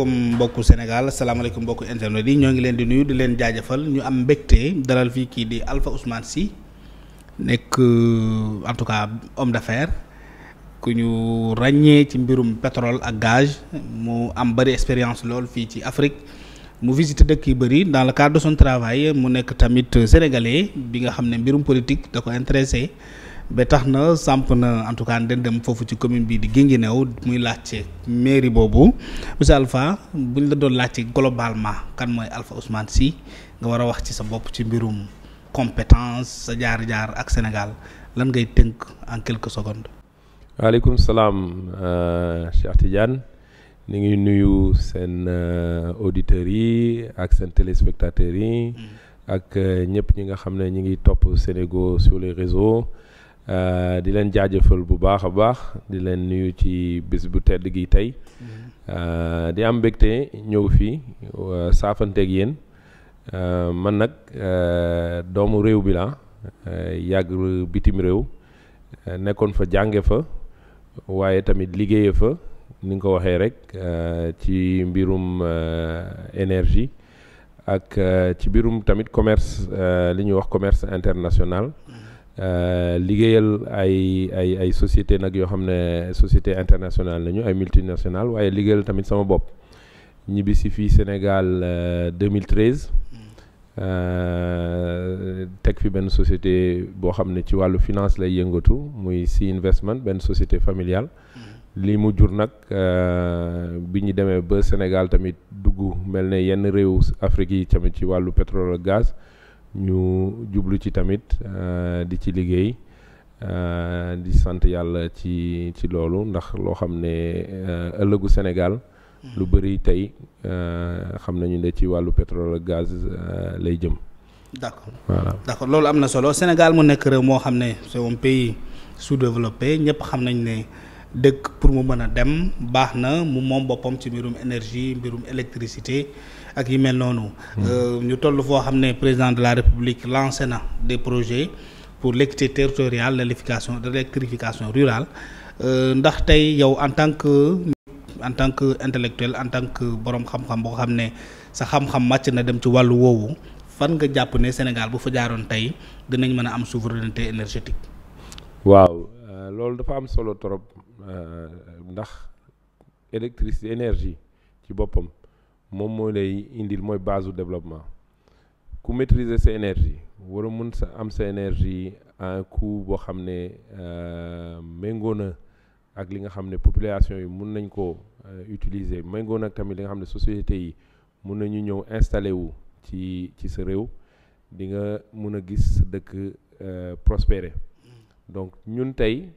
asalaamaaleykum mbokku Sénégal asalaamaaleykum mbokku internet yi ñoo ngi leen di nuyu di leen jaajëfal ñu am mbégte dalal fii kii di Alpha Ousmane si nekk en tout cas homme d'affaires ku ñu ràññee ci mbirum pétrole ak gaz mu am bëri expérience lool fii ci Afrique mu visité dëkk yu bëri dans le cadre de son travail mu nekk tamit sénégalais bi nga xam ne mbirum politique da ko intéressé. ba tax na samp na en tout cas dem foofu ci commune bii di Guinguinéo muy laajte mairie boobu monsieur Alpha buñ la doon laajte globalement kan mooy Alpha Ousmane si nga war a wax ci sa bopp ci mbirum compétence sa jaar-jaar ak Sénégal lan ngay tënk en quelques secondes. waaleykum salaam euh, Cheikh Tidiane ñu ngi nuyu seen euh, auditeurs yi ak seen téléspectateurs yi. Mm. ak euh, ñëpp ñi nga xam ne ñu ngi topp Sénégo sur les réseaux. Euh, di leen jaajëfal bu baax a baax di leen nuyu ci bis bu tedd gi tey euh, di am mbégte ñëw fii euh, saafanteeg yéen man nag doomu réew bi la yàgg bitim réew nekkoon fa jànge fa waaye tamit liggéeye fa ni nga ko waxee rek ci mbirum énergie ak ci mbirum tamit commerce li ñuy wax commerce international. Euh, liggéeyal ay ay ay société nag yoo xam ne société internationale nañu ay multinationale waaye liggéeyal tamit sama bopp ñibbi si fii Sénégal 2013 euh, mm. euh, teg fi benn société boo xam ne ci wàllu finance lay yëngatu muy si investment benn société familial mm. lii mu jur nag bi ñu demee ba Sénégal tamit dugg mel ne yenn réew Afrique yi tamit ci wàllu pétrole ak gaz ñu jublu ci tamit euh, di ci liggéey euh, di sant yàlla ci ci loolu ndax loo xam ne euh, ëllëgu Sénégal hmm. lu bëri tey xam nañu ne ci wàllu pétrole ak gaz lay jëm d'accord voilà loolu am na solo Sénégal mu nekk réew moo xam ne c'est un pays sous-développé ñëpp xam nañ ne dëkk pour mu mën a dem baax na mu moom boppam ci mbirum énergie mbirum électricité ak yi mel noonu. Hmm. Euh, ñu toll foo xam ne président de la république lancé na des projet pour l'équité territoriale de l'électrification de l'électrification rurale euh, ndax tey yow en tant que en tant que intellectuel en tant que borom xam-xam boo xam ne sa xam-xam màcc na dem ci wàllu woowu fan nga jàpp ne Sénégal bu fa jaaroon tey dinañ mën a am souveraineté énergétique. waaw euh, loolu dafa am solo trop ndax électricité énergie ci boppam. moom moo lay indil mooy base développement ku maîtriser sa énergie war a mun sa am sa énergie à un boo xam ne euh, méngoo na ak li nga xam ne population yi mun nañ ko euh, utiliser méngoo na ak tamit li nga xam ne société yi mun nañu ñëw installé wu ci ci sa réew di nga mun a gis sa dëkk euh, prospérer mm. donc ñun tey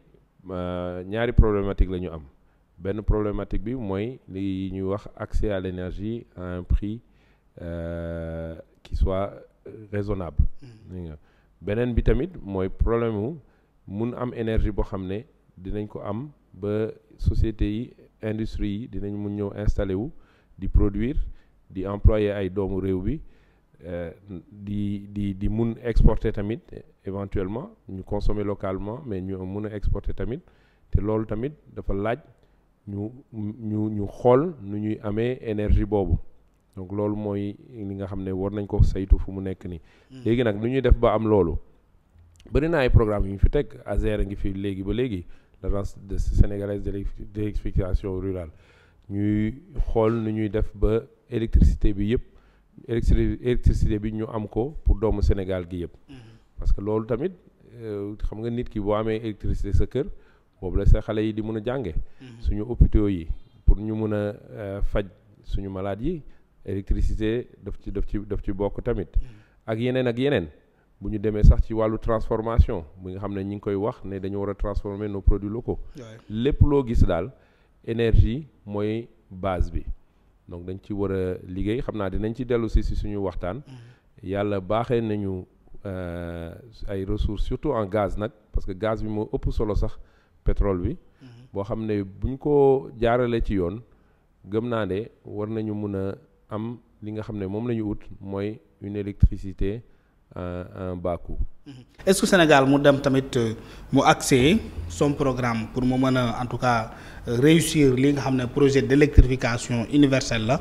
ñaari problématique la ñu am benn problématique bi mooy li ñuy wax accès à l'énergie à un prix euh, qui soit euh, raisonnable mm. beneen bi tamit mooy problème wu mun am énergie boo xam ne dinañ ko am ba société yi industrie yi dinañ mun ñëw installé wu di produire di employé ay doomu réew bi euh, di di di mun exporté tamit éventuellement ñu consommer localement mais ñu mun a exporté tamit te loolu tamit dafa laaj ñu ñu ñu xool nu ñuy amee énergie boobu donc loolu mooy li nga xam ne war nañ ko saytu fu mu nekk nii. Hmm. léegi nag nu ñuy def ba am loolu. bëri na ay programme yu ñu fi teg ASER a ngi fi léegi ba léegi l'agence de sénégalaise de l'électrification rurale ñuy xool nu ñuy def ba électricité bi yëpp électricité bi ñu am ko pour doomu Sénégal gi yëpp. Hmm. parce que loolu tamit euh, xam nga nit ki boo amee électricité sa kër. boobu la sa xale yi di mun a jànge mhm. suñu hôpitaux yi pour ñu mun a euh, faj suñu malade yi électricité daf ci daf ci daf ci bokk tamit mhm. ak yeneen ak yeneen bu ñu demee sax ci wàllu transformation bu nga xam ne ñi ngi koy wax ne dañu war a transformer nos produits ko lépp loo gis daal énergie mooy base bi donc dañ ci war a liggéey xam naa dinañ ci dellu si si suñu waxtaan mhm. yàlla baaxe nañu euh, ay ressources surtout en gaz nag parce que gaz bi moo ëpp solo sax pétrole bi. Mhm. boo xam ne buñ ko jaarale ci yoon gëm naa ne war nañu mun a am li nga xam ne moom lañu ñu mooy une électricité à un bas mhm. est-ce que Sénégal mu dem tamit euh, mu accès son programme pour mu mën a en tout cas réussir li nga xam ne projet d'électrification universelle la.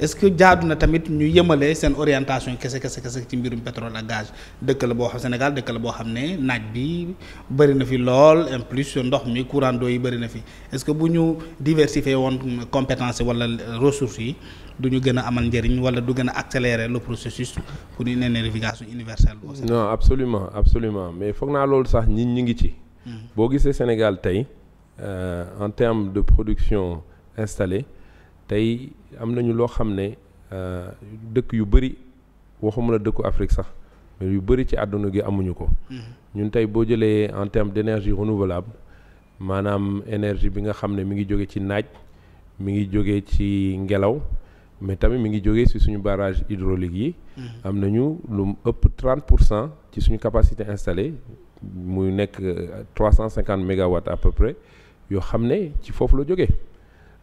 est-ce que jaadu na tamit ñu yemale seen orientation kese kese kese ci mbirum pétrole ak gaz dëkk la boo xam Sénégal dëkk la boo xam ne naaj bi bëri na fi lool en plus ndox mi courant d'eau yi bëri na fi est-ce que bu ñu diversifier woon compétence wala ressources yi du ñu gën a amal njëriñ wala du gën a accélérer le processus pour une électrification universelle. non absolument absolument mais foog naa loolu sax ñi ñi ngi ci. Hmm. boo gisee Sénégal tey. Euh, en termes de production installée tey am nañu loo xam ne euh, dëkk yu bëri waxuma la dëkku Afrique sax mais yu bëri ci àdduna gi amuñu ko. Mm-hmm. ñun tey boo jëlee en termes d'énergie renouvelable maanaam énergie bi nga xam ne mi ngi jóge ci naaj mi ngi jóge ci ngelaw mais tamit mi ngi jóge ci suñu barrage hydraulique yi. Mm-hmm. am nañu lu ëpp 30 pour cent ci suñu capacité installée muy nekk 350 euh, mégawatts à peu près. yoo xam ne ci foofu la jóge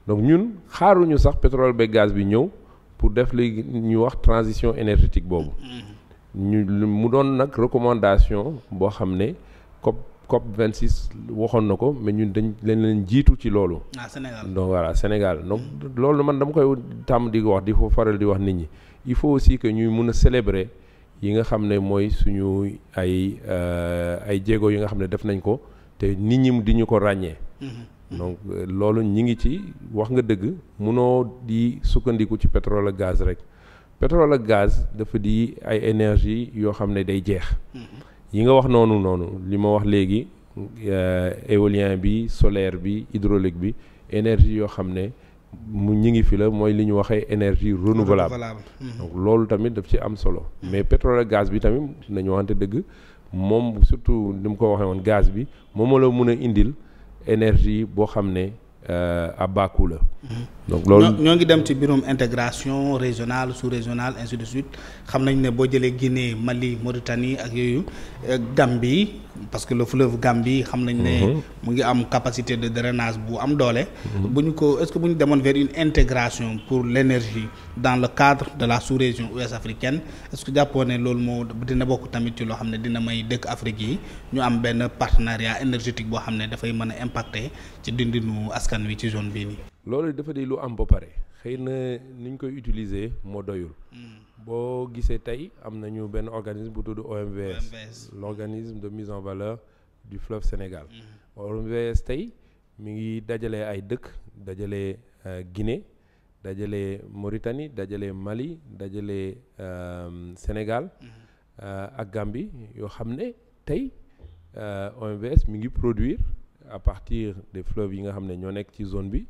donc ñun xaaruñu sax pétrole ba gaz bi ñëw pour def li ñu wax transition énergétique boobu ñu mu doon nag recommandation boo xam ne COP COP 26 waxoon na ko mais ñun dañ leen leen jiitu ci loolu. ah Sénégal Sénégal donc loolu man dama koy tàmm di wax di ko faral di wax nit ñi il faut aussi que ñuy mun a célébrer yi nga xam ne mooy suñu ay euh, ay jéego yi nga xam ne def nañ ko te nit ñi di ñu ko ràññee. Mm-hmm. donc euh, loolu ñi ngi ci wax nga dëgg munoo di sukkandiku ci pétrole ak gaz rek pétrole ak gaz dafa di ay énergie yoo xam ne day jeex mm-hmm. yi nga wax noonu noonu li ma wax léegi euh, éolien bi solaire bi hydraulique bi énergie yoo xam ne mu ñi ngi fi la mooy li ñu waxee énergie renouvelable mm-hmm. donc loolu tamit daf ci am solo mais pétrole ak gaz bi tamit nañu waxante dëgg moom surtout ni mu ko waxee woon gaz bi moom la mun a indil énergie boo xam ne euh, à bas la mm-hmm. donc loolu ñoo ngi dem ci biirum intégration régionale sous régionale ainsi de suite xam nañ ne boo jëlee Guinée Mali Mauritanie ak yooyu euh, Gambie parce que le fleuve Gambie xam nañ ne mhm. mu ngi am capacité de drainage bu am doole mhm. bu ñu ko est-ce que bu ñu demoon vers une intégration pour l'énergie dans le cadre de la sous-région ouest africaine est-ce que jàppoo ne loolu moo dina bokk tamit ci loo xam ne dina may dëkk Afrique yi ñu am benn partenariat énergétique boo xam ne dafay mën a impacter ci dundinu askan wi ci zone bii nii loolu dafa di lu am ba pare xëy na ni ñu koy utiliser moo doyul. Hmm. boo gisee tey am nañu benn organisme bu tudd OMVS. l'organisme de mise en valeur du fleuve Sénégal. Hmm. OMVS tey mi ngi dajale ay dëkk dajale euh, Guinée dajale Mauritanie dajale Mali dajale euh, Sénégal. Hmm. Euh, ak Gambie yoo xam ne tey OMVS mi ngi produire à partir des fleuves yi nga xam ne ñoo nekk ci zone bi.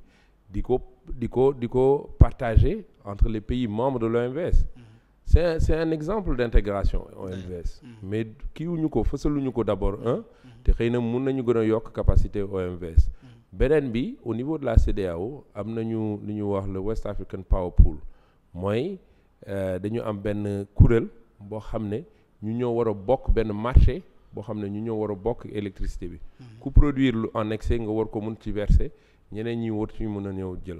di ko di ko di ko partager entre les pays membres de l'OMVS mhm. c'est un c'est exemple d'intégration OMVS mhm. mais kiiwuñu ko fësaluñu ko d'abord un mhm. te xëy na mun nañu gën a yokk capacité OMVS beneen bi au niveau de la CEDEAO am nañu lu ñu wax le West African Power Pool mooy euh, dañu am benn kuréel boo xam ne ñu ñoo war a bokk benn marché boo xam ne ñu ñoo war a bokk électricité bi ku produire lu en excès nga war ko mun ci verser ñeneen ñi wut ñu mën a ñëw jël.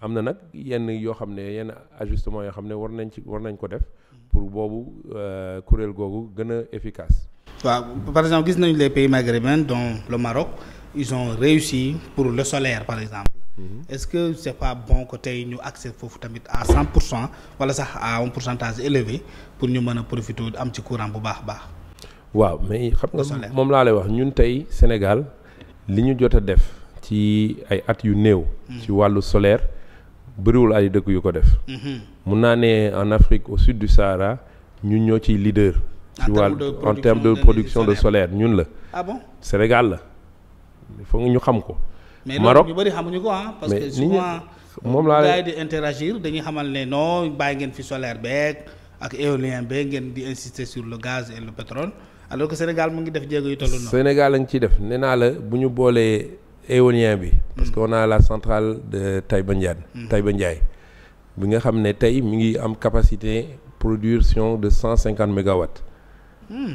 am na nag yenn yoo xam ne yenn ajustement yoo xam ne war nañ ci war nañ ko def. pour boobu euh, kuréel googu gën a efficace. waaw par exemple gis nañu les pays maghrébins dont le Maroc ils ont réussi pour le solaire par exemple. Mhm. est-ce que c'est pas bon que tey ñu accès foofu tamit à 100 pour cent wala sax à pour pourcentage élevé pour ñu mën a profiter am ci courant bu baax a baax. waaw mais xam nga moom laa lay wax ñun tey Sénégal li ñu jot a def. ci ay at yu néew. ci wàllu solaire bëriwul ay dëkk yu ko def. Mhm. mun naa ne en Afrique au sud du Sahara ñun ñoo ciy leader. ci wàllu en terme de production de solaire ñun la. ah bon Sénégal la il ñu xam ko. Maroc mais ñu bëri xamuñu ko ah. parce que souvent moom laa gars yi interagir dañuy xamal ne non bàyyi ngeen fi solaire beeg ak éolien beeg ngeen di insister sur le gaz et le pétrole alors que Sénégal mu ngi def jéego yu toll noonu. Sénégal la nga ciy def nee naa la bu ñu éolien bi. parce que mm. on a la centrale de Taïba Ndiaye. Mm. Taïba Ndiaye bi nga xam ne tey mu ngi am capacité production de cent cinquante mégawatts. Mm.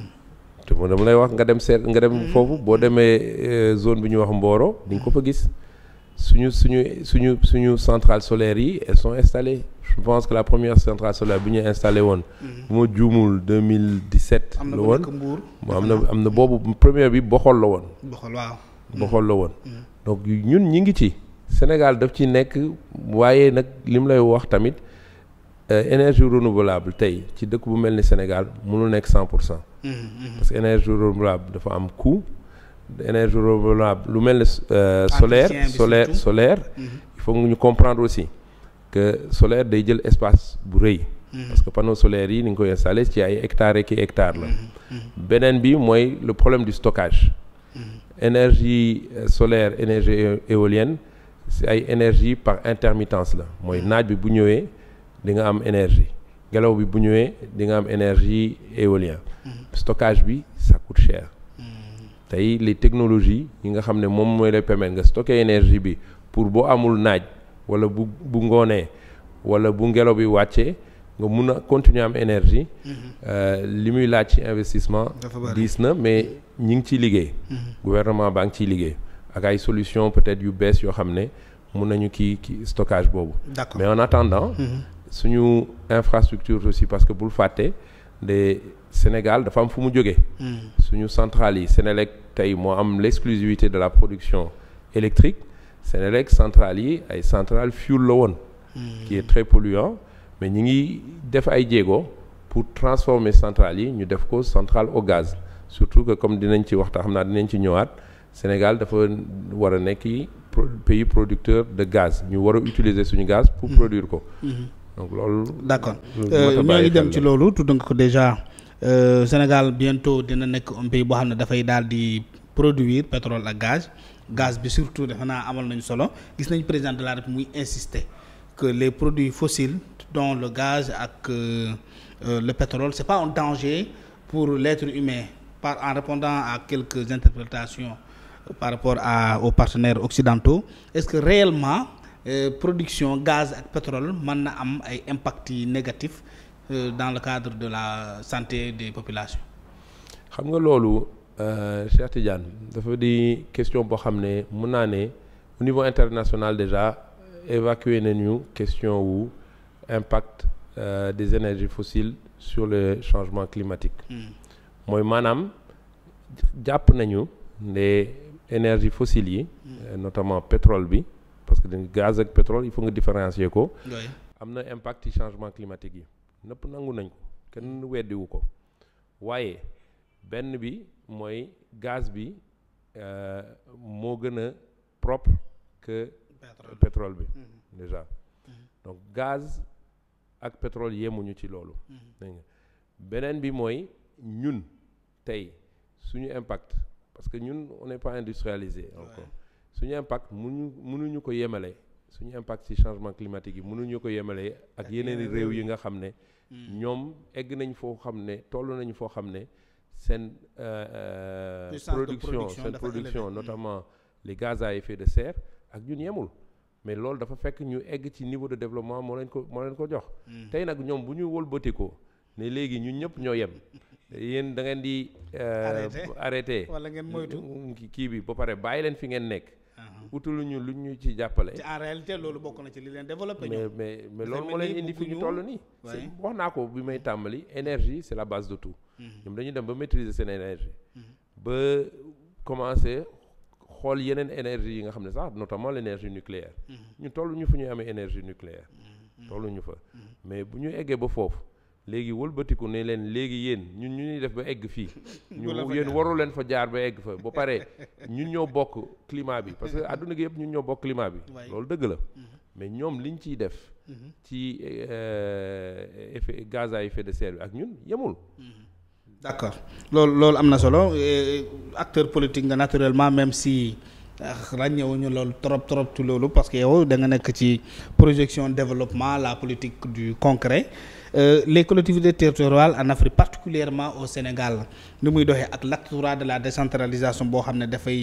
te lay wax nga dem seet nga dem foofu boo demee euh, zone bi ñuy wax Mboro di ko fa gis suñu suñu suñu suñu centrale solaire yi elles sont installées je que la première centrale solaire bi ñu installé woon. bu ma juumul 2017. la woon am na am na boobu première bi Boxol la woon. ba xool la woon donc ñun ñi ngi ci Sénégal daf ci nekk waaye nag li mu lay wax tamit euh, énergie renouvelable tey ci dëkk bu mel ni Sénégal mënul nekk cent pour cent mm, mm. parce que énergie renouvelable dafa am coût énergie renouvelable lu mel ni euh, solaire solaire solaire mm-hmm. il faut ñu comprendre aussi que solaire day jël espace bu rëy mm-hmm. parce que panneaux solaires yi ni nga koy installé ci ay hectares ki hectare la mm-hmm. beneen bi mooy le problème du stockage énergie euh, solaire énergie éolienne si ay énergie par intermittence la mooy mm. naaj bi bu ñëwee di nga am énergie ngelaw bi bu ñëwee di nga am énergie éolien mm. stockage bi ça coûte cher mm. tey les technologies yi nga xam ne moom mooy lay permettre nga stocker énergie bi pour boo amul naaj wala bu bu ngoonee wala bu ngelaw bi wàccee nga mun a continuer am énergie. Mhm. Euh, li muy laaj ci investissement. diis na mais ñi ngi ciy liggéey. Mhm. gouvernement baa ngi ciy liggéey ak ay solution peut-être yu bees yoo xam ne mun nañu kii kii stockage boobu. d'accord mais en attendant. Mhm. suñu infrastructure aussi parce que bul fàtte de Sénégal dafa am fu mu jógee. suñu centrales yi Sénélec tey moo am l'exclusivité de la production électrique Sénélec centrales yi ay centrales fuel la woon. qui est très polluant. mais ñi ngi def ay jéego pour transformer centrale yi ñu def ko centrale au gaz surtout que comme dinañ ci waxtaan xam naa dinañ ci ñëwaat Sénégal dafa war a nekk pays producteur de gaz ñu war a utiliser suñu gaz pour mm-hmm. produire ko mm-hmm. donc loolu d'accord euh, ñoo ngi dem ci loolu tudd nga ko déjà euh, Sénégal bientôt dina nekk un pays boo xam ne dafay dal di produire pétrole ak gaz gaz bi surtout defe naa amal nañu solo gis nañ président de la République muy insister que les produits fossiles dont le gaz ak euh, euh, le pétrole c'est pas un danger pour l'être humain par en répondant à quelques interprétations euh, par rapport à aux partenaires occidentaux est-ce que réellement production gaz ak pétrole mën na am ay impact yi négatif euh, dans le cadre de la santé des populations xam nga loolu Cheikh Tidiane dafa di question boo xam ne mun naa ne au niveau international déjà évacuer nañu question wu impact euh, des énergies fossiles sur le changement climatique hmm. mooy maanaam jàpp nañu ne énergie fossile yi hmm. euh, notamment pétrole bi parce que dañ gaz ak pétrole yi faut nga différencier ko am na impact ci changement climatique yi nëpp nangu nañ ko kenn weddiwu ko waaye benn bi mooy gaz bi euh, moo gën a prop que pétrole pétrole bi. Mm-hmm. déjà mm-hmm. donc gaz ak pétrole yemuñu ci loolu. Mm-hmm. beneen bi mooy ñun tey suñu impact parce que ñun on n'est suñu impact mu mënuñu ko yemale suñu impact ci changement climatique yi mënuñu ko yemale ak yeneen réew yi nga xam ne. ñoom egg nañ foo xam ne toll nañu foo xam ne seen. Euh, euh, production seen production notamment les gaz effet de serre. ak ñun yemul mais loolu dafa fekk ñu egg ci niveau de développement moo leen ko moo leen ko jox. Hmm. tey nag ñoom bu ñu wëlbatikoo ne léegi ñun ñëpp ñoo yem. yéen da ngeen di. arrêté euh, wala ngeen moytu kii bi ba pare bàyyi leen fi ngeen nekk. Uh-huh. utul ñu lu ñu ci jàppale. en réalité loolu bokk na ci li leen développé. mais mais mais loolu moo leen indi fi ñu toll nii. wax naa ko bi may tàmbali énergie c'est la base de tout. Hmm. ñoom dañuy dem ba maîtriser seen énergie. Hmm. ba xool yeneen énergie yi nga xam ne sax notamment l' énergie nucléaire mm-hmm. ñu toll ñu fu ñuy amee énergie nucléaire mm-hmm. toll ñu fa mm-hmm. mais bu ñu eggee ba foofu léegi wëlbatiku ne leen léegi yéen ñun ñu ñuy def ba egg fii ñu yéen waru leen fa jaar ba egg fa ba pare ñun ñoo bokk climat bi parce que àdduna gi yëpp ñun ñoo bokk climat bi loolu dëgg la mais ñoom li liñ ciy def ci euh, effet gaz à effet de serre ak ñun yemul d' accord loolu loolu am na solo acteur politique nga naturellement même si ah, ràññewuñu loolu trop trop ci loolu parce que yow da nga nekk ci projection développement la politique du concret Euh, les collectivités territoriales en Afrique particulièrement au Sénégal ni muy doxee ak l'acte trois de la décentralisation boo xam ne dafay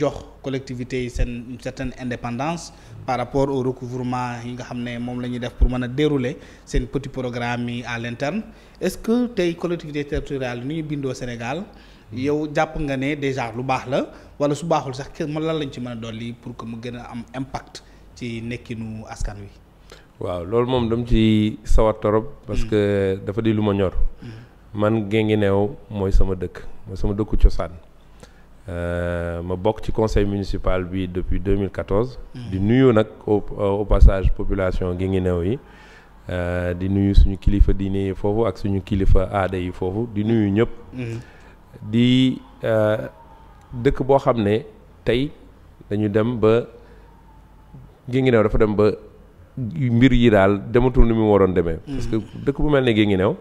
jox collectivités yi seen une certaine indépendance par rapport au recouvrement yi nga xam ne moom la ñuy def pour mën a dérouler seen petit programme yi à l'interne est-ce que tey collectivités territoriales ni ñu bindoo Sénégal yow jàpp nga ne déjà lu baax la wala su baaxul sax kër ma lan lañ ci mën a dolli pour que mu gën a am impact ci nekkinu askan wi waaw loolu moom dam ci sawar torop parce que dafa di lu ma ñor man Guinguinéo mooy sama dëkk mooy sama dëkku cosaan euh, ma bokk ci conseil municipal bi depuis 2014 di nuyu nag au passage population Guinguinéo yi euh, di nuyu suñu kilifa diine yi foofu ak suñu kilifa aada yi foofu di nuyu ñëpp di euh, dëkk boo xam ne tey dañu dem ba Guinguinéo dafa dem ba mbir yi daal dematul ni mu waroon demee. Mm. parce dëkk bu mel ne new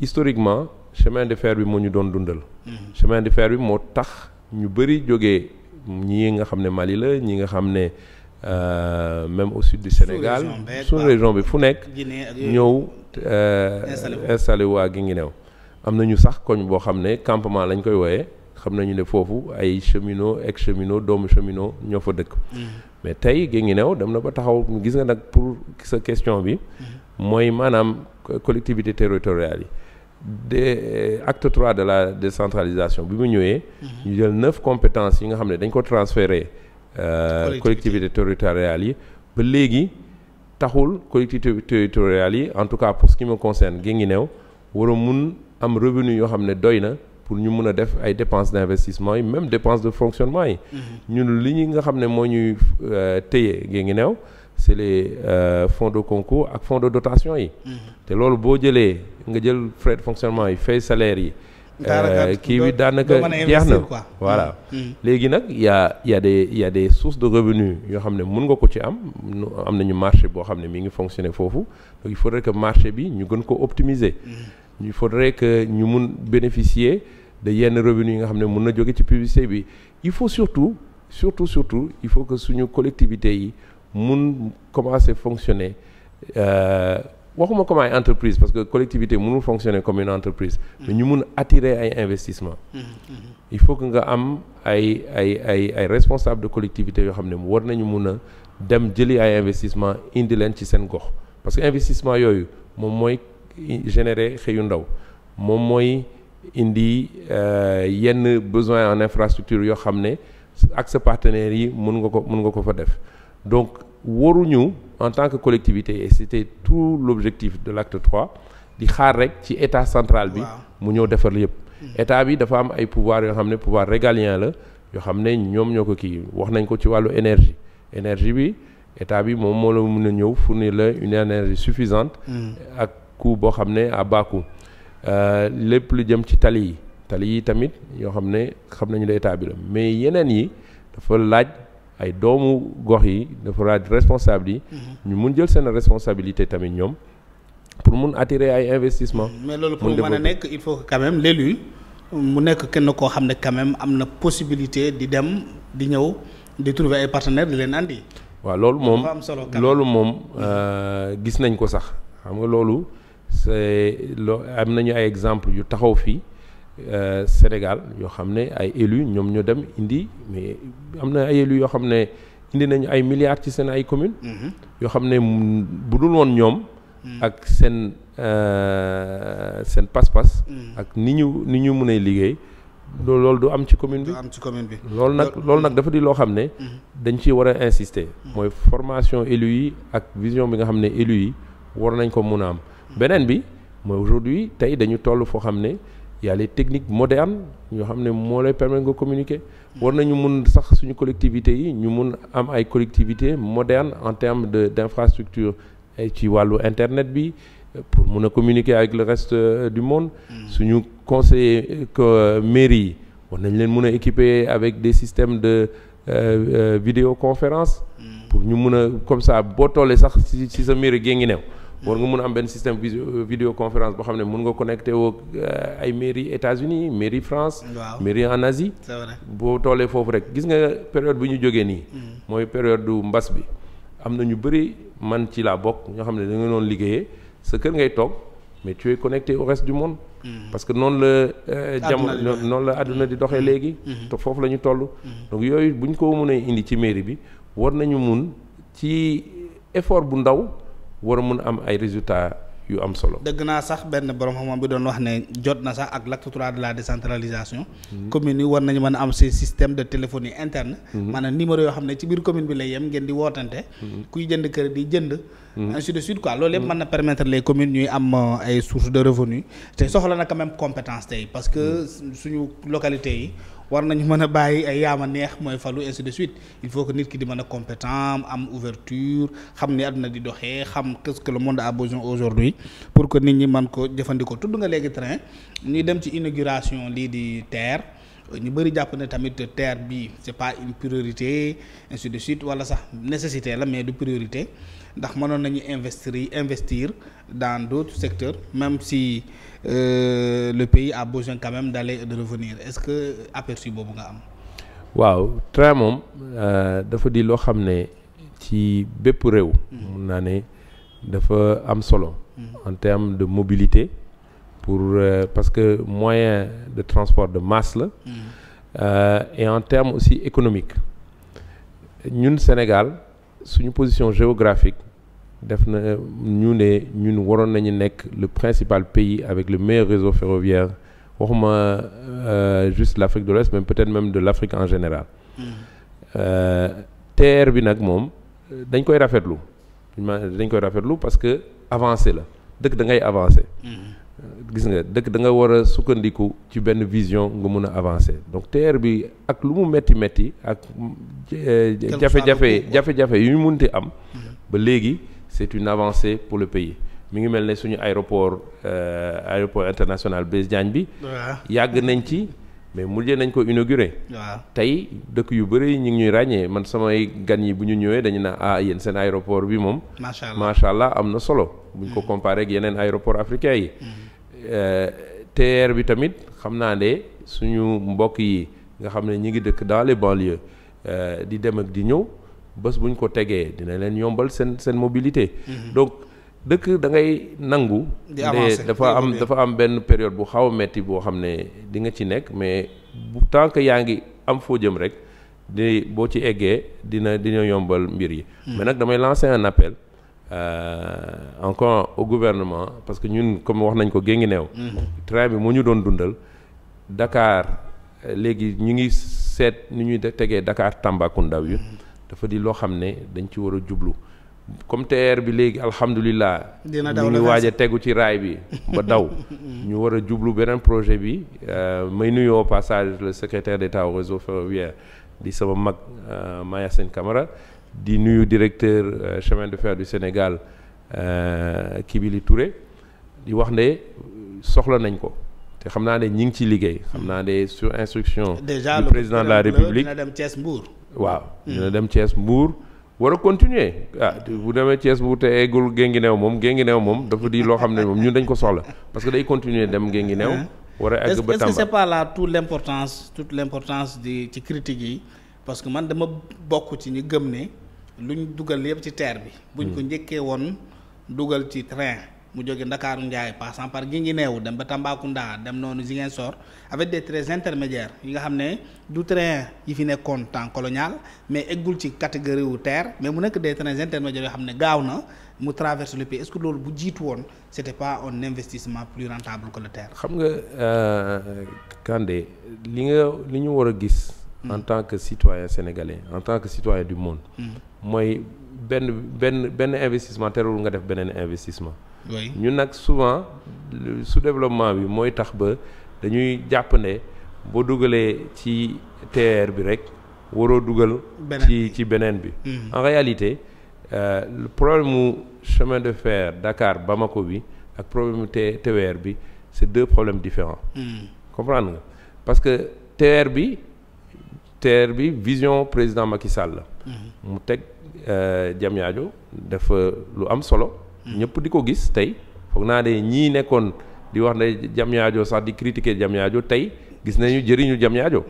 historiquement chemin de fer bi moo ñu doon dundal. Mm. chemin de fer bi moo tax ñu bëri jóge ñi nga xam ne Mali la ñi nga xam ne euh, même au sud du Sénégal. sous région bi fu nekk. ñëw euh, installé waa new am nañu sax koñ boo xam ne campement lañ koy wooyee xam nañu ne foofu ay cheminots ex cheminots doomu cheminots ñoo fa dëkk. Mm. mais tey new dem na ba taxaw gis nga nag pour sa question bi mooy maanaam collectivité territoriale yi de euh, acte trois de la décentralisation bi mu ñëwee ñu jël neuf compétences yi nga xam ne dañ ko transféré euh, collectivité territoriale yi ba léegi taxul collectivité territoriale yi en tout cas pour ce qui me concerne Guinguinéo war a mun am revenu yoo xam ne doy na pour ñu mun a def ay dépense d'investissement yi même dépenses de fonctionnement yi. Mm-hmm. ñun li ñi nga xam ne moo ñuy euh, téye gée ngi neew c'est les euh, fonds de concours ak fonds de dotation yi. Mm-hmm. te loolu boo jëlee nga jël frais de fonctionnement yi fay salaire yi. Euh, kii bi daanaka jeex na voilà mm-hmm. léegi nag yaa a y a des y a des de revenus yoo xam ne mën nga ko ci am am nañu marché boo xam ne mi ngi fonctionner foofu donc il faudrait que marché bi ñu gën ko optimiser. il faudrait que ñu mun bénéficier de yenn revenus yi nga xam ne mun na jóge ci publicité bi il faut surtout surtout surtout il faut que suñu collectivité yi mun commencer fonctionner euh, waxuma comme ay entreprise parce que collectivité mënul fonctionner comme une entreprise mais ñu mun attirer ay investissement mmh, mmh. il faut que nga am ay ay ay ay responsable de collectivité yoo xam ne war nañu mun a dem jëli ay investissement indi leen ci seen gox parce que investissement yooyu moom mooy générer xëyu ndaw moom mooy indi euh, yenn besoin en infrastructure yoo xam ne ak sa partenaires yi mun nga ko mun nga ko fa def donc waruñu en tant que collectivité et c'était tout l'objectif de l'acte 3 di xaar rek ci état central bi mu ñëw defar yëpp hmm. état bi dafa am ay pouvoir yoo xam ne pouvoir régalien la yoo xam ne ñoom ñoo ko kii wax nañ ko ci wàllu énergie énergie bi état bi moom moo la mun a ñëw fournir la une énergie suffisante hmm. ak coût boo xam ne à bas coût euh, lépp lu jëm ci tali yi tali yi tamit yoo xam ne xam nañu ne état mais yeneen yi dafa laaj ay doomu gox yi dafa laaj responsable yi. Mhm. ñu mun jël seen responsabilité tamit ñoom pour mun attirer ay investissement mais loolu pour mën a nekk il faut que quand mu nekk kenn koo xam ne quand am na possibilité di dem di ñëw di trouver ay partenaires di leen andi. waaw loolu moom loolu moom mhm. euh, gis nañ ko sax xam nga loolu. c'est loo am nañu ay exemple yu taxaw fii euh, Sénégal yoo xam ne ay élus ñoom ñoo dem indi mais am na ay élus yoo xam ne indi nañu ay milliards ci seen ay communes. Mhm. yoo xam ne bu dul woon ñoom. Mhm. ak seen euh, seen pas-pas. Mhm. ak ni ñu ni ñu mën ay liggéey. loolu du am ci commune bi am ci commune bi. loolu nag loolu nag dafa di loo xam ne. dañ ci war a insister. mooy formation élus yi ak vision bi nga xam ne élus yi war nañ ko mun a am. beneen bi mooy aujourd'hui tey dañu toll foo xam ne y a les techniques modernes yoo xam ne moo lay permettre nga communiquer war nañu mun sax suñu collectivités yi ñu mun am ay collectivités modernes en termes de d'infrastructure ci wàllu internet bi pour mun a communiquer avec le reste euh, du monde mm. suñu conseiller que euh, mairie yi war nañ leen mun a équiper avec des systèmes de euh, vidéoconférence mm. pour ñu mun a comme ça boo tollee sax si si sa mairie gee ngi neew war nga mun a am benn système visio vidéoconférence boo xam ne mun nga connecté woo euh, ay mairie États-Unis mairie France. waaw mairie en Asie. boo toolee foofu rek gis nga période bu ñu jógee nii. Mm. mooy période du mbas bi. am na ñu bëri man ci laa bokk ñoo xam ne da nga doon liggéeyee sa kër ngay toog mais tu es connecté au du monde. Mm. parce que noonu la. Euh, jamono noonu la àdduna di doxee mm. léegi. te foofu la ñu toll. donc yooyu bu ñu ko mënee indi ci mairie bi war nañu mun ci effort bu ndaw. war a mun am ay résultat yu am solo. dëgg naa sax benn borom xam bi doon wax ne jot na sax ak l'acte trois de la décentralisation. Hmm. communes yi war nañu mën a am seen système de téléphone téléphonie interne. Hmm. maanaam numéro yoo xam ne ci biir commune bi lay yem ngeen di wootante. Hmm. kuy jënd kër di jënd. ainsi de suite quoi loolu yëpp mën na permettre les communes ñuy am euh, ay sources de revenus te soxla na même compétence tey parce que suñu localité yi. war nañu mën a bàyyi ay yaama neex mooy falu ainsi de suite il faut que nit ki di mën a compétent am ouverture xam ne àdduna di doxee xam qu'est-ce que le monde a besoin aujourd'hui pour que nit ñi man ko jëfandikoo tudd nga léegi train ñuy dem ci inauguration lii di terre ñu bëri jàpp ne tamit terre bi c'est pas une priorité ainsi de suite wala sax nécessité la mais du priorité ndax mënoon nañu investir investir dans d'autres secteur même si euh, le pays a besoin quand même d'aller de revenir est-ce que aperçu boobu nga am. waaw train moom euh, dafa di loo xam ne ci bépp réew. Mhm. mun naa ne dafa am solo. Mhm. en termes de mobilité. pour euh, parce que moyen de transport de masse la. Euh, et en termes aussi économique ñun Sénégal suñu position géographique def na ñu ne ñun waroon nañu nekk le principal pays avec le meilleur réseau ferroviaire waxuma euh, juste l'Afrique de l'Ouest mais peut-être même de l'Afrique en général. Mm. Euh, TER bi nag moom dañ koy rafetlu dañ koy rafetlu parce que avancé la dëkk da ngay gis nga dëkk da nga war a sukkandiku ci benn vision nga mun a avancer donc TER bi ak lu mu metti metti ak euh, jafe-jafe jafe-jafe yu mun munti am mhm. ba léegi c'est une avancée pour le pays mi ngi mel ne suñu aéroport euh, aéroport international Blaise Diagne bi yàgg nañ ci mais mujjee nañ ko inauguré. waaw tey dëkk yu bëri ñu ngi ñuy ràññee man samay gan yi bu ñu ñëwee dañu naan ah yéen seen aéroport bi moom. macha allah macha allah am na solo. bu ñu ko mm. comparé ak yeneen aéroport africain yi. Mm. Euh, TER bi tamit xam naa ne suñu mbokk yi nga xam ne ñi ngi dëkk dans les banlieues euh, di dem ak di ñëw bas bu ñu ko tegee dina leen yombal seen seen mobilité. Mm-hmm. donc dëkk da ngay nangu. di avancer dafa am dafa am benn période bu xaw a metti boo xam ne di nga ci nekk mais bu tànk yaa ngi am foo jëm rek di boo ci eggee dina dina yombal mbir yi. Hmm. mais nag damay lancé un appel euh, encore au gouvernement parce que ñun comme wax nañ ko géngi neew. Hmm. train bi mu ñu doon dundal dakaar léegi ñu ngi seet ni ñuy tegee Dakar Tambacounda yi hmm. dafa di loo xam ne dañ ci war a jublu. comme TER bi léegi alhamdulilah. dina daw ngi waaj a tegu ci raay bi ba daw. ñu war a jublu beneen projet bi euh, may nuyoo passage le secretaire d'État au réseau ferroviaire di sama mag euh, Mayacine Camara di nuyu directeur euh, chemin de fer du Sénégal Kibili Touré di wax ne soxla nañ ko. te xam naa ne ñi ngi ci liggéey xam naa ne su instruction. déjà du président de la République dina dem Thiès Mbour. waaw dina mm. dem cees Mbour. war a continuer ah bu demee Thiès bu te eggul new moom new moom dafa di loo xam ne moom ñun dañ ko soxla parce que day continuer dem Guinguinéo war a egg ba Tamba est-ce que c'est pas là toute l'importance toute l'importance di ci critique yi parce que man dama bokk ci ñu gëm ne luñ dugal yëpp ci terre bi bu buñ hmm. ko njëkkee woon dugal ci train mu jóge Ndakaaru Ndiaye passant par Guinguinéo dem ba Tambacounda dem noonu Ziguinchor avec des trains intermédiaires yi nga xam ne du train yi fi nekkoon temps colonial mais eggul ci catégorie wu terre mais mu nekk des trains intermédiaires yoo xam ne gaaw na mu traverse le pays est loolu bu jiitu woon c'était pas un investissement plus rentable que le terre. xam nga euh, Kandé li nga li ñu war a gis. Hmm. en tant que citoyen sénégalais en tant que citoyen du hmm. mooy benn benn benn investissement terewul nga def beneen investissement. ñun nag souvent sous développement bi mooy tax ba dañuy jàpp ne boo dugalee ci TER bi rek waroo dugal ci ci beneen bi mhm. en réalité euh, le problème mu chemin de fer Dakar Bamako bi ak problème mu TER bi c'est deux problèmes différents mm. nga parce que TER bi TER bi vision président Macky Sall la mhm. mu teg euh, Diamniadio dafa lu am solo ñëpp di ko gis tey foog naa de ñii nekkoon di wax ne jam sax di critiquer jamyaajo tey gis nañu jëriñu jam ñaajo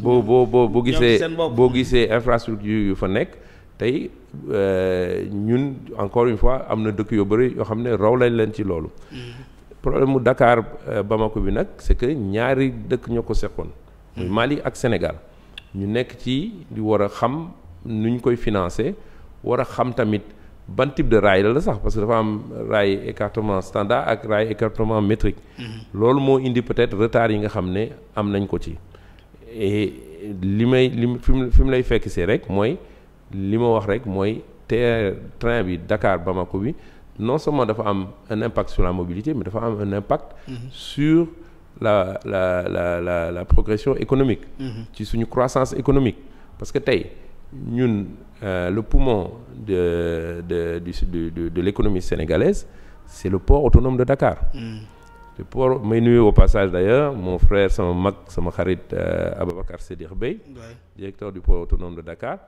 boo boo boo boo gisee boo gisee infrastructure yu fa nekk tey euh, ñun encore une fois am na dëkk yu bëri yoo xam ne raw lañ leen ci loolu mm-hmm. problème mu Dakar euh, Bamako bi nag c'est que ñaari dëkk ñoo ko seqoon muy mm-hmm. Mali ak Sénégal ñu nekk ci di war a xam nuñ koy financé war a xam tamit ban type de rail la sax parce que dafa am rail écartement standard ak rail écartement métrique. Mhm. loolu moo indi peut-être retard yi nga xam ne am nañ ko ci. li may li fi fi mu lay fekk see rek mooy li ma wax rek mooy te train bi Dakar Bamako bi non seulement dafa am un impact sur la dafa am un impact. Mhm. la la la la la progression économique. Mhm. ci suñu croissance économique. parce que tey ñun euh, le poumon. de, de, de, de, l'économie sénégalaise, c'est le port autonome de Dakar. Mm. port, may nuye au passage d'ailleurs moo frère sama mag sama xarit euh, Ababacar Sédir Bey directeur du port autonome de Dakar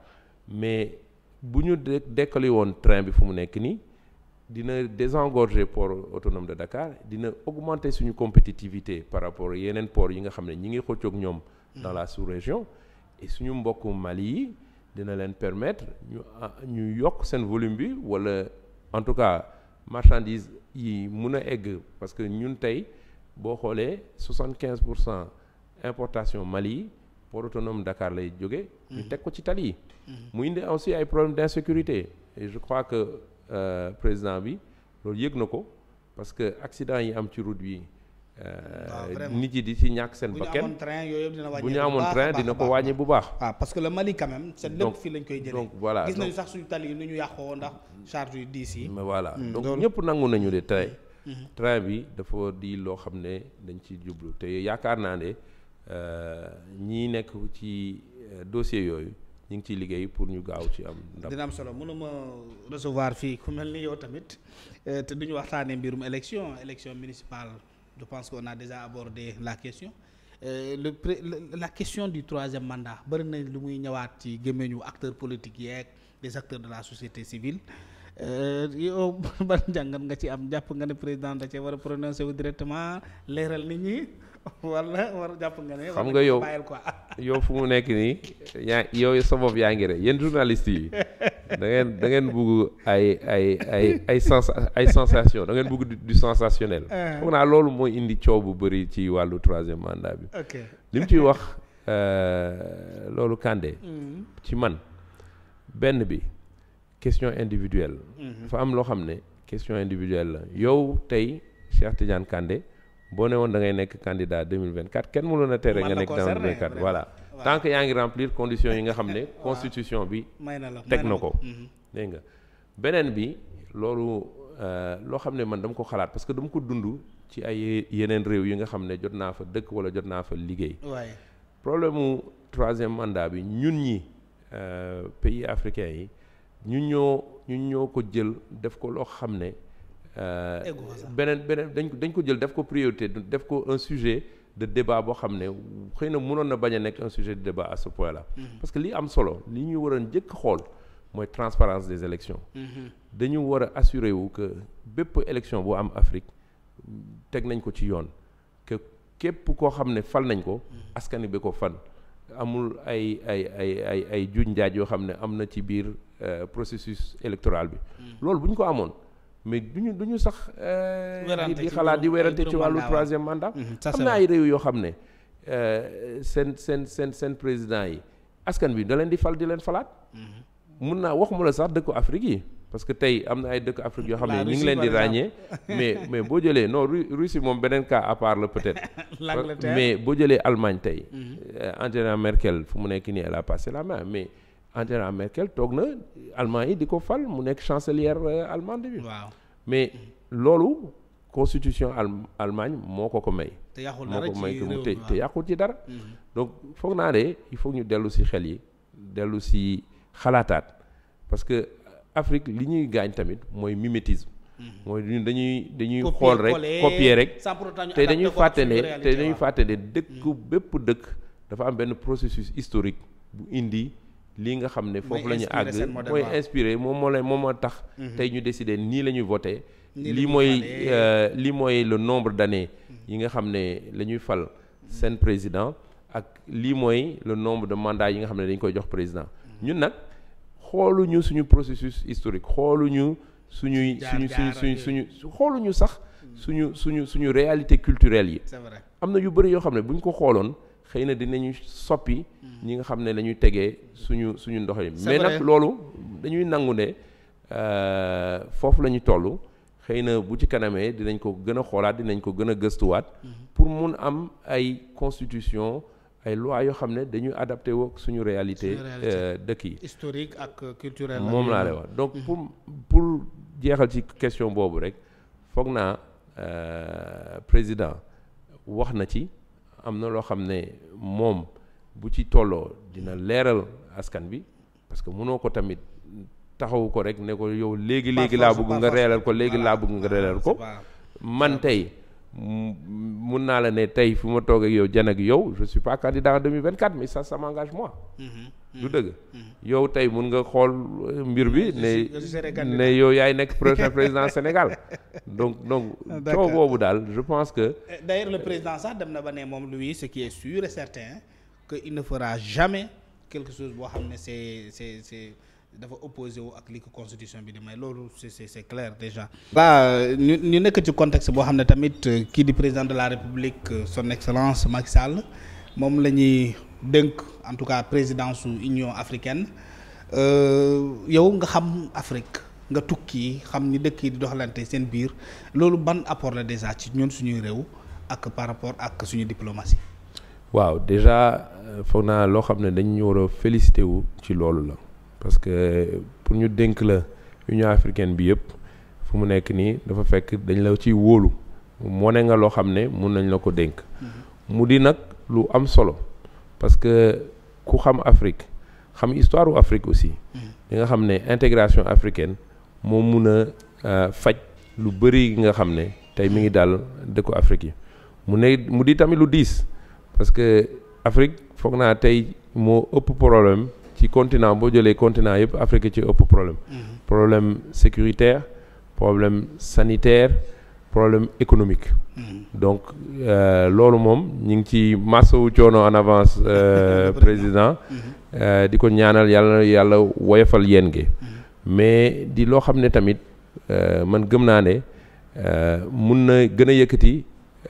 mais bu ñu de dekkali woon train bi fu mu nekk nii dina désengorger port autonome de Dakar dina augmenter suñu compétitivité par rapport yeneen port yi nga xam ne ñi ngi xëccoog ñoom mm. dans la sous-région et suñu mbokk Mali yi dina leen permettre ñu ñu yokk seen volume bi wala en tout cas marchandise yi mun a egg parce que ñun tey boo xoolee soixante-quinze pour cent importation Mali yi port autonome Dakar lay jóge ñu mm. teg ko ci tali yi mm. mu indi aussi ay problème d'insécurité et je crois que euh, président bi loolu yëg na ko parce que accident yi am ci route yi Euh, nit yi di ci ñàkk seen bakkan bu ñu amoon train dina ko wàññi bu baax waaw ah, parce que le Mali quand même seen lépp fii lañ koy jëlee donc voilà gis nañu sax suñu tali yi nu ñu yàqoo ndax charge yu diis yi mais voilà hmm, donc ñëpp nangu nañu de hmm, hmm. train bi dafa di loo xam ne dañ ci jublu te yaakaar naa ne euh, ñii nekk ci euh, dossier yooyu ñu ngi ciy liggéey pour ñu gaaw ci am ndam dina am solo mënuma recevoir fii ku mel ni yow tamit te duñu waxtaanee mbirum élection élection municipale je pense qu'on a déjà abordé la question euh, le, le la question du troisième mandat bëri na lu muy ñëwaat ci gémmiñu acteur politiques yee des acteurs de la société civile Eh, yow ban jàngat nga ci am jàpp nga ne président da cee war a prononcé wu directement leeral nit ñi wala war jàpp nga ne. xam nga yow yow fu mu nekk nii yaa yow sa bopp yaa ngi rek yéen journaliste yi da ngeen da ngeen bugg ay ay ay ay sens ay sensation da ngeen bugg du sensationnel. Ah. foog naa loolu mooy indi coow bu bëri ci wàllu troisième mandat bi. ok li mu ciy wax euh, loolu Kandé. Mm. ci man benn bi. question individuelle. Mhm. fa am loo xam ne question individuelle la yow tey Cheikh Tidiane Kandé boo ne woon da ngay nekk candidat 2024 kenn mënoon a tere nga nekk dans 2024 voilà tant que yaa ngi remplir conditions yi nga xam ne constitution bi teg na ko mhm. dégg nga beneen bi loolu euh, loo xam ne man dama ko xalaat parce que dama ko dund ci ay yeneen réew yi nga xam ne jot naa fa dëkk wala jot naa fa liggéey problème mu troisième mandat bi ñun ñi euh, pays africains yi ñu ñoo ñu ñoo ko jël def ko loo xam ne euh, beneen beneen dañ ko dañ ko jël def ko priorité def ko un sujet de débat boo xam ne xëy na munoon na bañ a nekk un sujet de débat à ce point là mhm. parce que li am solo li ñu waroon njëkk xool mooy transparence des élections mhm. dañu war a assurer wu que bépp élection boo am Afrique teg nañ ko ci yoon que képp koo xam ne fal nañ ko mhm. askan bi ko fan amul ay ay ay ay ay juñ njaaj yoo xam ne am na ci biir Euh, processus électoral bi. Hmm. loolu bu ñu ko amoon mais du ñu du ñu sax. Euh, di xalaat di werante ci wàllu troisième mandat. Hmm, am na ay réew yoo xam ne euh, seen seen seen seen président yi askan bi da leen di fal di leen falaat. Hmm. mun naa waxuma la sax dëkku Afrique yi. parce que tey am na ay dëkk Afrique yoo xam ne ñu ngi leen di ràññee mais mais boo jëlee non Russie moom beneen cas à part la peut-être mais boo jëlee Allemagne tey Angela Merkel fu mu nekk nii elle a passé la main Angela Merkel toog na Allemagne yi di ko fal mu nekk chancelière euh, allemande bi. waaw mais loolu constitution Allemagne moo ko ko may. te yàqul dara ci réew mi moo ci dara. Mm-hmm. donc foog naa de il faut ñu dellu si xel yi dellu si xalaataat parce que Afrique li ñuy gaañ tamit mooy mimétisme. Mm-hmm. mooy ñun dañuy dañuy xool rek copier rek te dañuy fàtte ne te dañuy fàtte ne dëkk mm-hmm. bépp dëkk dafa am benn processus historique bu indi. lii nga xam ne foofu la ñu àgg mooy inspiré moom moo lay moom moo tax mhm. tey ñu décidé nii la ñuy voté lii mooy euh, lii mooy le nombre d'années yi nga xam ne la ñuy fal seen président ak lii mooy le nombre de mandats yi nga xam ne dañ koy jox président mhm. ñun nag xooluñu suñu processus xoolu ñu suñuy suñu suñu suñu suñu xooluñu sax mhm. suñu suñu suñu réalité culturelle yi am na yu bëri yoo xam ne bu ñu ko xooloon xëy na dinañu soppi ñi nga xam ne la tegee suñu suñu ndox yi mais nag loolu dañuy nangu ne euh, foofu la ñu toll xëy na bu ci kanamee dinañ ko gën a xoolaat dinañ ko gën a gëstuwaat mm-hmm. pour mun am ay constitution ay loi yoo xam ne dañuy adapté woo suñu réalité euh, dëkk yi historique ak culturel moom laa lay wax donc mm-hmm. pour pour jeexal ci question boobu rek foog naa euh, président wax na ci am na loo xam ne moom bu ci tolloo dina leeral askan bi parce que munoo ko tamit taxaw ko rek ne ko yow léegi léegi laa bëgg nga reelal ko léegi laa bëgg nga reelal ko man tey mun naa la ne tey fi ma toog yow jan ak yow je suis pas candidat en 2024 mais ça ça m'engage moi mm-hmm. du dëgg mm-hmm. yow tey mun nga xool euh, mbir bi ne ne yow yaay nekk prochain président Sénégal donc donc coow boobu daal je pense que d'ailleurs le président sax dem na ba ne moom lui ce qui est sûr et certain que il ne fera jamais quelque chose boo xam ne c'est c'est c'est dafa opposé wu ak li ko constitution bi di may loolu c'est c'est c'est clair déjà waa ñu ñu nekk ci contexte boo xam ne tamit euh, kii di président de la république euh, son excellence Macky Sall moom la ñuy dënk en tout cas présidence su Union africaine euh, yow nga xam Afrique nga tukki xam ni dëkk yi di doxalante seen biir loolu ban apport la déjà ci ñun suñuy réew ak par rapport ak suñu diplomatie. waaw déjà euh, foog naa loo xam ne dañu war a félicité wu ci loolu la parce que pour ñu dénk la Union africaine bi yëpp fu mu nekk nii dafa fekk dañ la ciy wóolu moo ne nga loo xam ne mun nañ la ko dénk. Mm-hmm. mu di nag lu am solo parce que ku xam Afrique xam histoire wu Afrique aussi. Mm-hmm. di nga xam ne intégration africaine. moo mun a euh, faj lu bëri nga xam ne tey mi ngi daal dëkku Afrique yi mu ne mu di tamit lu diis parce que Afrique foog naa tey moo ëpp problème ci continent boo jëlee continent yëpp Afrique ci ëpp problème. Mhm. problème sécuritaire problème sanitaire problème économique. Mhm. donc euh, loolu moom ñu ngi ci masawu coono en avance euh, président. Mhm. di ko ñaanal yàlla yàlla woyofal yéen gi mais di loo xam ne tamit euh, man gëm naa ne euh, mun na gën a yëkkati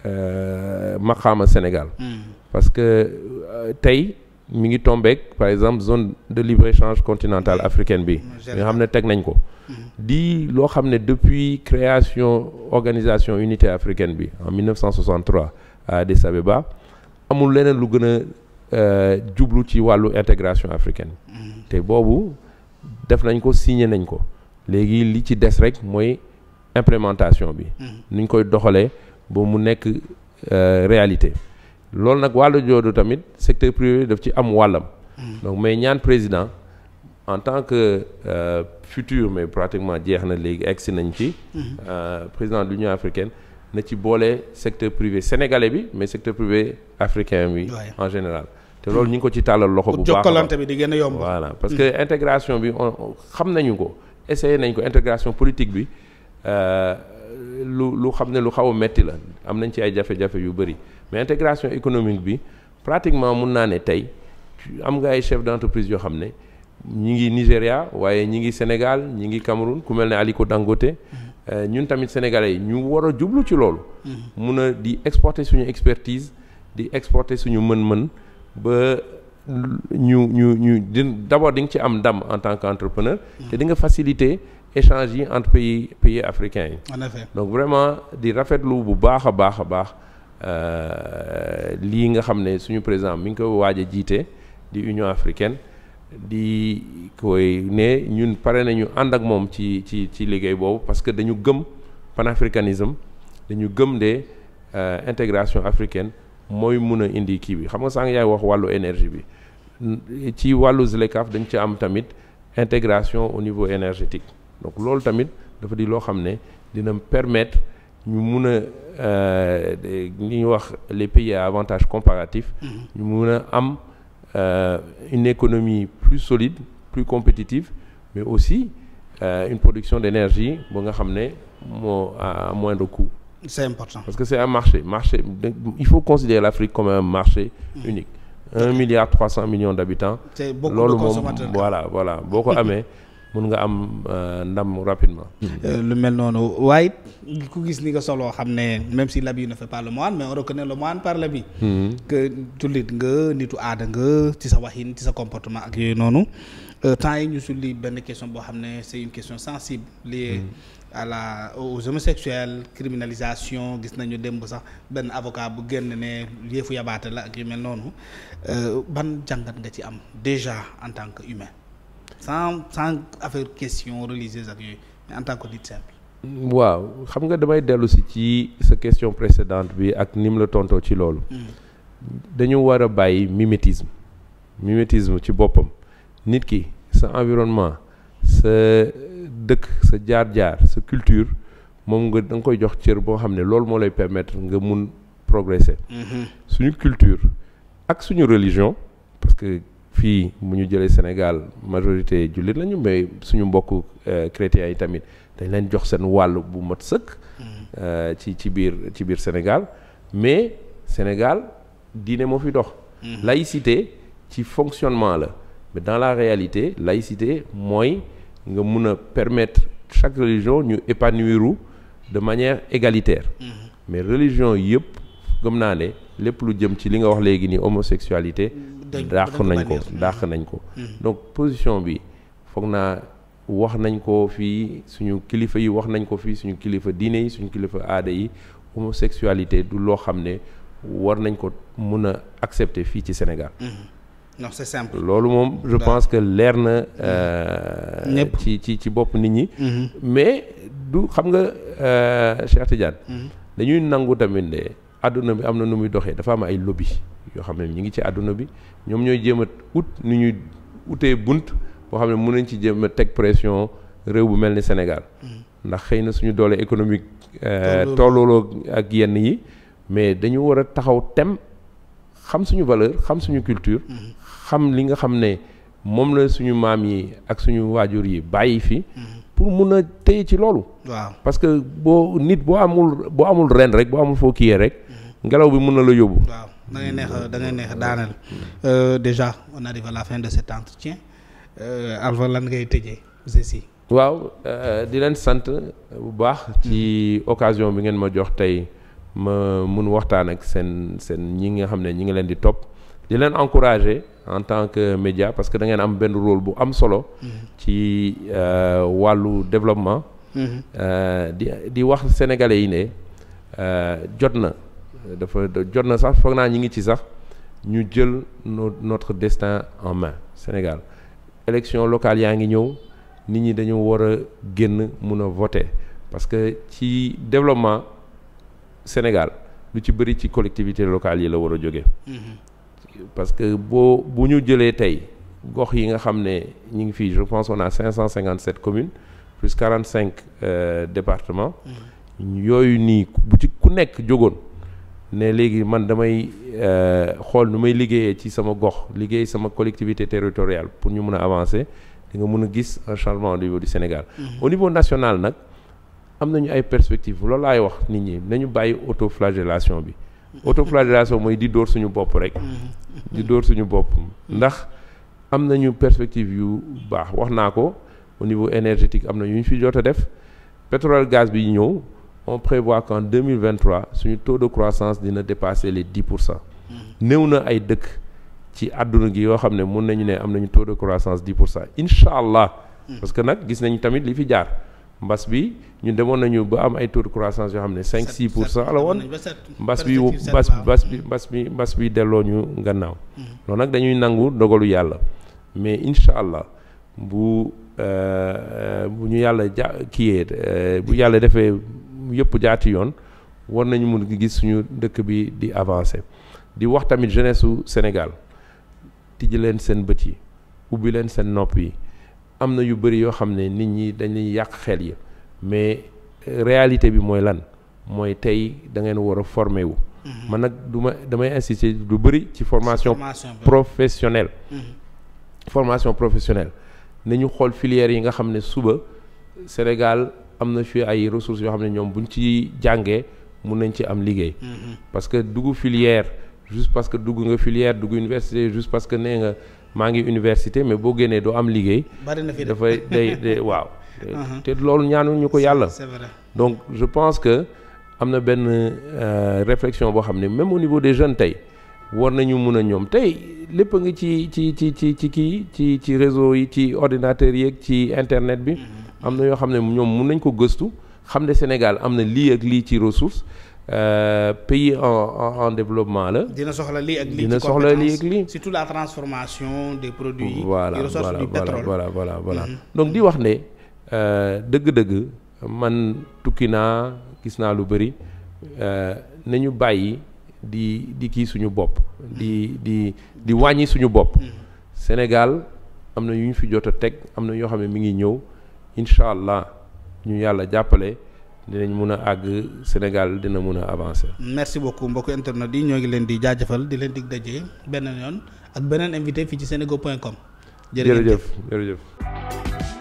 euh, maqaama Sénégal. Hmm. parce que tey mu ngi tombeek par exemple zone de libre-échange continental africain bi. Hmm. nga xam ne teg nañ ko. Hmm. di loo xam ne depuis création organisation unité africain bi en 1963 à Addis Abeba amul leneen lu gën a jublu ci wàllu intégration africaine. te boobu. def nañ ko signé nañ ko léegi li ci des rek mooy implémentation bi mm-hmm. nuñ koy doxalee ba mu nekk euh, réalité loolu nag wàllu joodu tamit secteur privé def ci am wàllam mm-hmm. donc mais ñaan président en tant que future euh, futur mais pratiquement jeex na léegi eggsi nañ ci mm-hmm. euh, président de l'Union africain na ci boole secteur privé sénégalais bi mais secteur privé africain bi en général loolu ñu ngi ko ci tàllal loxo bu baax jokkalante bi di gën a yomb parce mm. que intégration bi xam nañu ko essayé nañ ko intégration politique bi euh, lu lu xam ne lu xaw a metti la am nañ ci ay jafe-jafe yu bëri mais intégration économique bi pratiquement mun naa ne tey am nga ay chef d'entreprise yoo xam ne ñi ngi Nigéria waaye ñi ngi Sénégal ñi ngi Cameroun ku mel ne Aliko Dangote mm-hmm. euh, ñun tamit sénégalais yi ñu war a jublu ci loolu mm-hmm. mun a di exporter suñu expertise di exporter suñu mën-mën ba ñu ñu ñu di d'abord di nga ci am ndam en tant qu'entrepreneur te di nga faciliter échange yi entre pays pays africains yi donc vraiment di rafetlu bu baax a baax a baax euh, lii nga xam ne suñu président mi ngi ko waaj jiite di Union africaine di koy ne ñun pare nañu ànd ak moom ci ci ci liggéey boobu parce que dañu gëm panafricanisme dañu gëm de euh, intégration africaine mooy mun a indi kii bi xam nga sànq yaay wax wàllu énergie bi ci wàllu ZLECAf dañ ci am tamit intégration au niveau énergétique donc loolu tamit dafa di loo xam ne dina permettre ñu mun a euh, li wax les pays avantages avantage comparatif mm-hmm. ñu mun a am euh, une économie plus solide plus compétitive mais aussi euh, une production d'énergie bu nga xam ne moo à moindre coût c'est important parce que c'est un marché marché il faut considérer l'Afrique comme un marché mmh. unique un milliard trois cent millions d'habitants loolu moom voilà voilà boo ko amee mën nga am euh, ndam rapidement mm. euh, lu mel noonu waaye ngi ku gis ni nga soloo xam ne même si l'habit ne fait pas le moine mais on reconnaît le moine par l'habit mm-hmm. que jullit nga nitu aada nga ci sa waxin ci sa comportement ak yooyu noonu euh, temps yi ñu sulli benn question boo xam ne c'est une question à la aux homosexuels gis nañu démb sax benn avocat bu génn ne yëfu la ak yu mel noonu euh, ban jàngat nga ci am déjà en tant que humain sans affaire question religieuse waaw xam nga damay dellusi ci sa question précédente bi ak ni la tontoo ci loolu mm. dañu war a bàyyi mimétisme mimétisme ci boppam nit ki sa environnement sa dëkk sa jaar-jaar sa culture moom nga da nga koy jox cër boo xam ne loolu moo lay permetre nga mun progresser. Mm-hmm. suñu culture ak suñu religion parce que fii mu ñu jëlee Sénégal majorité jullit lañu mais suñu mbokku euh, chrétiens yi tamit dañ leen jox seen wàll bu mat sëkk. Mm-hmm. Euh, ci ci biir ci biir Sénégal mais Sénégal diine moo fi dox. Mm-hmm. laïcité ci fonctionnement la mais dans la réalité laïcité mooy. nga mun a permettre chaque religion ñu épanouiru de manière égalitaire mm-hmm. mais religion yëpp gëm naa ne lépp lu jëm ci li nga wax léegi ni homosexualité dàq nañ ko dàq nañ ko donc position bi foog naa wax nañ ko fii suñu kilifa yi wax nañ ko fii suñu kilifa diine yi suñu kilifa aada yi homosexualité du loo xam ne war nañ ko mun a accepter fii ci Sénégal mm-hmm. non c'est simple loolu moom je pense que leer na mm. euh, ci ci ci bopp nit ñi mm-hmm. mais du xam nga euh, Cheikh Tidiane mm-hmm. dañuy nangu tamit ne adduna bi am na nu muy doxee dafa am ay lobby yoo xam ne ñu ngi ci àdduna bi ñoom ñooy jéem a ut nu ñuy utee bunt boo xam ne mën nañ ci jéem a teg pression réew bu mel ni Sénégal mm-hmm. ndax xëy na suñu doole économique euh, tollooloo ak yenn yi mais dañu war a taxaw tem xam suñu valeur xam suñu culture xam li nga xam ne moom la suñu maam yi ak suñu waajur yi bàyyi fi pour mun a téye ci loolu waaw parce que boo nit boo amul boo amul ren rek boo amul foo kiyee rek ngelaw bi mun na la yóbbu waaw da ngay neex da ngay neex daaneel euh, déjà on arrive à la fin de cet euh, lan ngay tëjee si waaw euh, di leen sant bu baax ci occasion bi ngeen ma jox tey ma mun waxtaan ak seen seen ñi nga xam ne ñi ngi leen di topp di leen encourager en tant que média parce que da am benn rôle bu am solo. ci euh, wàllu développement. Euh, di di wax sénégalais yi ne euh, jot na dafa jot na sax foog naa ñi ngi ci sax ñu jël notre destin en main Sénégal élection locale yaa ngi ñëw nit ñi dañu war génn mun a voter parce que ci développement Sénégal lu ci bëri ci collectivité locale yi la war a jóge mm-hmm. parce que boo bu ñu jëlee tey gox yi nga xam ne ñu ngi fii je pense on a 557 communes plus 45 cinq euh, départements. Mm-hmm. yooyu nii bu ci ku nekk jógoon ne léegi man damay euh, xool nu may liggéeyee ci sama gox liggéey sama collectivité territoriale pour ñu mun a avancer di nga mun a gis un changement au niveau du Sénégal. Mmh. au niveau national nag am nañu ay perspectives loolu laay wax nit ñi nañu bàyyi autoflagellation bi. autoflagellation mooy di dóor suñu bopp rek di dóor suñu bopp ndax am nañu perspective yu baax wax naa ko au niveau énergétique am na yu ñu fi jot a def pétrole gaz bi ñëw on prévoit qu'en 2023 suñu taux de croissance dina dépasser les 10 pour cent néew na ay dëkk ci àdduna gi yoo xam ne mun nañu ne am nañu taux de croissance 10 pour cent incha allah mm. parce que nag gis nañ tamit li fi jaar mbas bi ñu demoon nañu ba am ay tour de croissance yoo xam ne cinq 6 pour cent la woon mbas bi mbas mbas bi mbas bi mbas bi delloo ñu gannaaw loolu nag dañuy nangu dogalu yàlla mais incha allah bu euh, bu ñu yàlla ja kiyee euh, bu yàlla defee yëpp jaati yoon war nañu mun gis suñu dëkk bi di avancé di wax tamit jeunesse su Sénégal tijji leen seen bët yi ubbi leen seen nopp yi am na yu bëri yoo xam ne nit ñi dañuy yàq xel yi mais euh, réalité bi mooy lan mooy tey da ngeen war a wu. Mm-hmm. man nag du damay insister du bëri ci formation. professionnelle. Mm-hmm. formation professionnelle ñu xool filières yi nga xam ne suba Sénégal am na fi ay ressources yoo xam ne ñoom buñ ci jàngee mun nañ ci am liggéey. Mm-hmm. parce que dugg filière juste parce que dugg nga filière dugg université juste parce que nee nga. maa ngi université mais boo génnee doo am liggéey. bari na fi dafay day day waaw. Uh-huh. te loolu ñaanuñu ñu ko yàlla. c'est donc je pense que am na benn euh, réflexion boo xam ne même au niveau des jeunes tey war nañu mun a ñoom tey lépp a ngi ci ci ci ci ci kii ci ci réseau yi ci ordinateur yeeg ci internet bi. Uh-huh. am na yoo xam ne ñoom mun nañ ko gëstu xam ne Sénégal am na lii ak lii ci ressource. Euh, pays en en développement la. dina soxla lii ak lii dina soxla lii ak lii. surtout la transformation des produits. voilà voilà voilà voilà mm-hmm. voilà. donc di wax ne euh, dëgg-dëgg man tukki naa gis naa lu bëri euh, nañu bàyyi di di kii suñu bopp. di di di wàññi suñu bopp. Mm-hmm. Sénégal am na yu ñu fi jot a teg am na yoo xam ne mi ngi ñëw incha allah ñu yàlla jàppale. dinañ mun a àgg Sénégal dina mun a avancer. merci beaucoup mbokk internet yi ñoo ngi leen di jaajëfal di leen dig daje beneen yoon ak beneen invité fii ci senego point com. jërëjëf jërëjëf